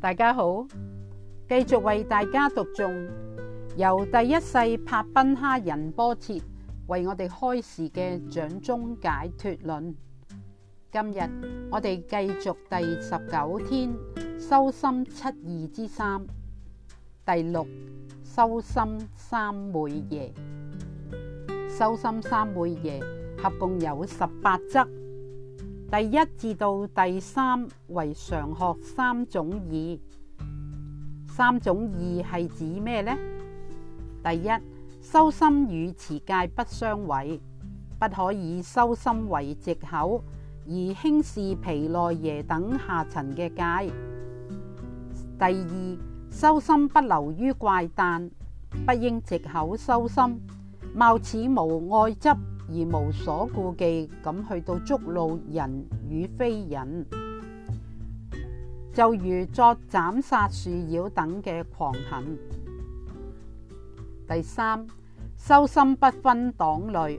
大家好，繼續為大家讀誦由第一世帕賓哈仁波切為我哋開示嘅《掌中解脫論》。今日我哋繼續第十九天修心七義之三，第六修心三昧耶。修心三昧耶合共有十八則。第一至到第三為常學三種義，三種義係指咩呢？第一，修心與持戒不相違，不可以修心為藉口而輕視皮內耶等下層嘅戒。第二，修心不流於怪誕，不應藉口修心，貌似無外執。而無所顧忌咁去到觸惱人與非人，就如作斬殺樹妖等嘅狂行。第三，修心不分黨類，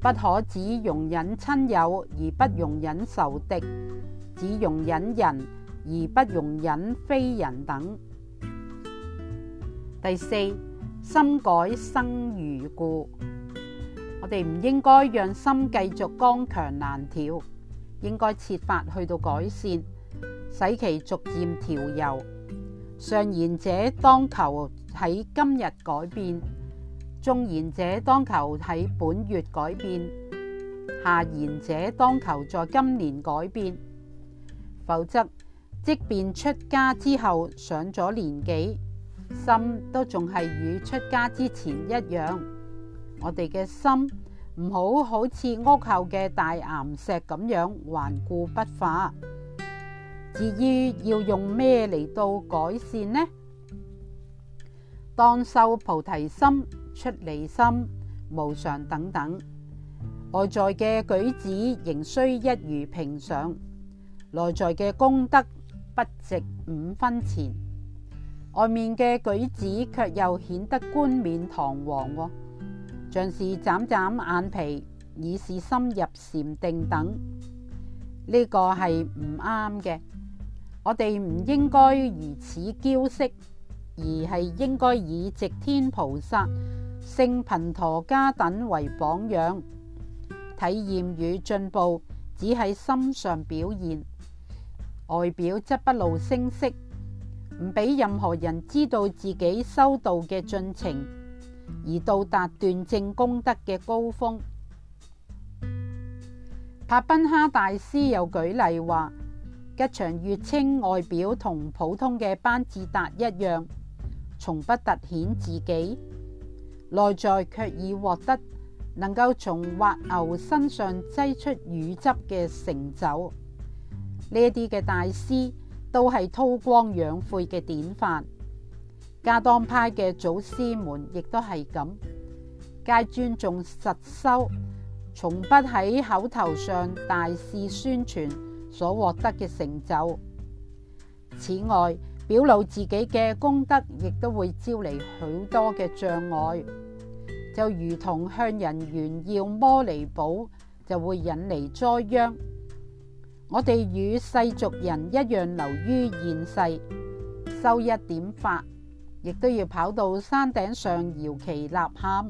不可只容忍親友，而不容忍仇敵；只容忍人，而不容忍非人等。第四，心改生如故。我哋唔應該讓心繼續剛強難調，應該設法去到改善，使其逐漸調柔。上賢者當求喺今日改變，中賢者當求喺本月改變，下賢者當求在今年改變。否則，即便出家之後上咗年紀，心都仲係與出家之前一樣。我哋嘅心唔好好似屋後嘅大岩石咁樣頑固不化。至於要用咩嚟到改善呢？當修菩提心、出離心、無常等等，外在嘅舉止仍需一如平常，內在嘅功德不值五分錢，外面嘅舉止卻又顯得冠冕堂皇喎、哦。像是眨眨眼皮，已是深入禪定等，呢、這個係唔啱嘅。我哋唔應該如此嬌飾，而係應該以直天菩薩、聖貧陀家等為榜樣，體驗與進步只喺心上表現，外表則不露聲色，唔俾任何人知道自己修道嘅進程。而到達斷正功德嘅高峰，帕賓哈大師又舉例話：吉祥月稱外表同普通嘅班智達一樣，從不凸顯自己，內在卻已獲得能夠從滑牛身上擠出乳汁嘅成就。呢啲嘅大師都係韜光養晦嘅典範。噶當派嘅祖師們亦都係咁，皆尊重實修，從不喺口頭上大肆宣傳所獲得嘅成就。此外，表露自己嘅功德，亦都會招嚟好多嘅障礙。就如同向人炫耀摩尼寶，就會引嚟災殃。我哋與世俗人一樣，留於現世，修一點法。亦都要跑到山頂上搖旗呐喊，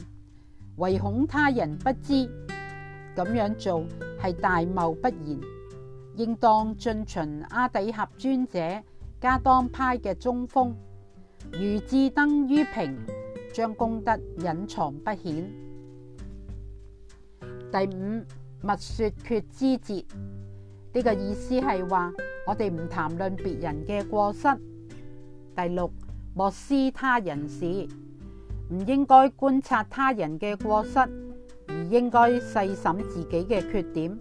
唯恐他人不知。咁樣做係大謬不然，應當遵循阿底峽尊者加當派嘅中鋒，如智燈于平將功德隱藏不顯。第五，勿說缺之節，呢、這個意思係話我哋唔談論別人嘅過失。第六。莫思他人事，唔應該觀察他人嘅過失，而應該細審自己嘅缺點。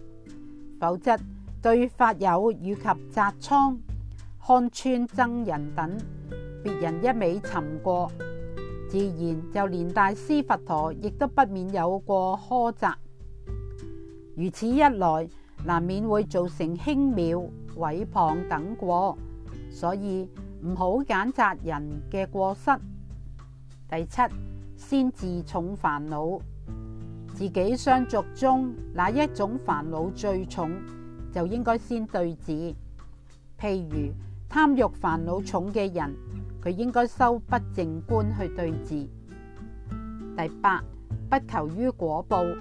否則對法友以及扎倉看穿僧人等，別人一味尋過，自然就連大師佛陀亦都不免有過苛責。如此一來，難免會造成輕藐、毀謗等過，所以。唔好揀擇人嘅過失。第七，先自重煩惱，自己相續中哪一種煩惱最重，就應該先對治。譬如貪欲煩惱重嘅人，佢應該修不正觀去對治。第八，不求於果報，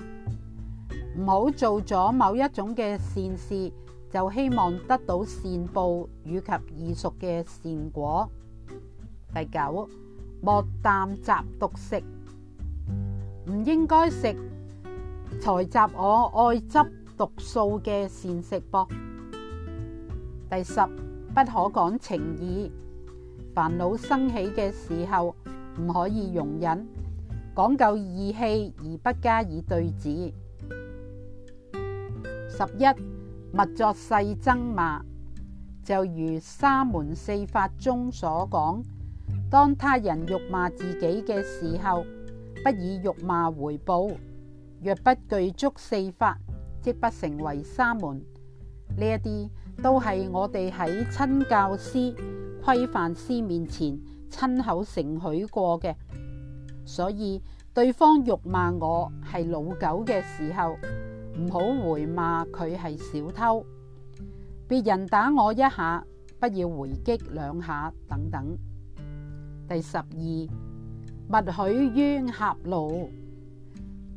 唔好做咗某一種嘅善事，就希望得到善報以及異熟嘅善果。第九，莫啖雜毒食，唔應該食財集我愛執毒素嘅膳食噃。第十，不可講情義，煩惱生起嘅時候唔可以容忍，講究義氣而不加以對治。十一。勿作勢爭罵，就如沙門四法中所講，當他人辱罵自己嘅時候，不以辱罵回報；若不具足四法，即不成為沙門。呢一啲都係我哋喺親教師、規範師面前親口承許過嘅，所以對方辱罵我係老狗嘅時候。唔好回罵佢係小偷，別人打我一下，不要回擊兩下等等。第十二，勿許冤俠怒，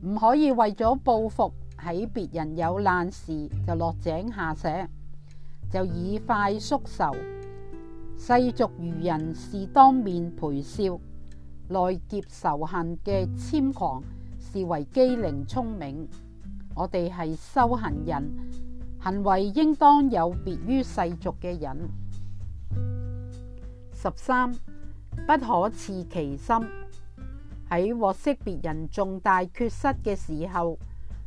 唔可以為咗報復喺別人有難時，就落井下石，就以快宿仇。世俗愚人是當面陪笑，內劫仇恨嘅謙狂，視為機靈聰明。我哋係修行人，行為應當有別於世俗嘅人。十三，不可刺其心。喺獲悉別人重大缺失嘅時候，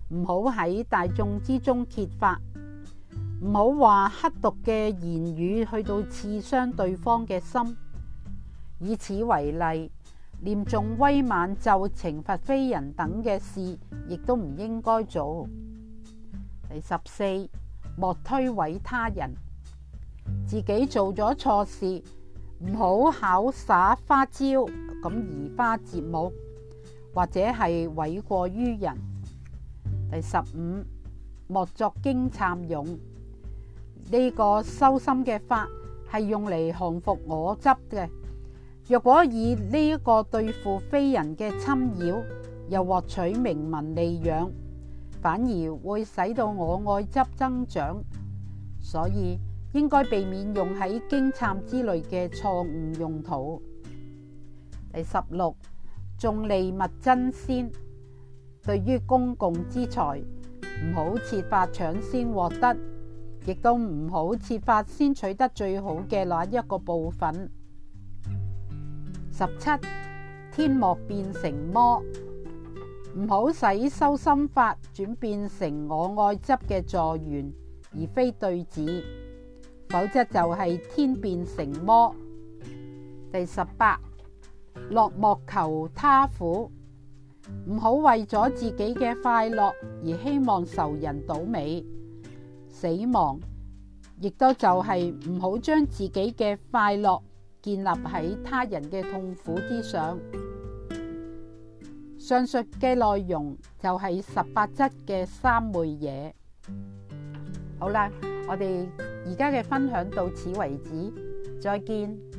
唔好喺大眾之中揭發，唔好話刻毒嘅言語去到刺傷對方嘅心。以此為例。念誦威猛咒懲罰非人等嘅事，亦都唔應該做。第十四，莫推諉他人，自己做咗錯事，唔好巧耍花招，咁移花接木，或者係諉過於人。第十五，莫作驚參勇，呢、這個修心嘅法係用嚟降伏我執嘅。若果以呢一個對付非人嘅侵擾，又獲取名聞利養，反而會使到我愛執增長，所以應該避免用喺驚顫之類嘅錯誤用途。第十六，重利物爭先，對於公共之財，唔好設法搶先獲得，亦都唔好設法先取得最好嘅那一個部分。十七天莫變成魔，唔好使修心法轉變成我愛執嘅助緣，而非對治。否則就係天變成魔。第十八落寞求他苦，唔好為咗自己嘅快樂而希望仇人倒霉、死亡，亦都就係唔好將自己嘅快樂。建立喺他人嘅痛苦之上。上述嘅內容就係十八則嘅三昧嘢。好啦，我哋而家嘅分享到此為止，再見。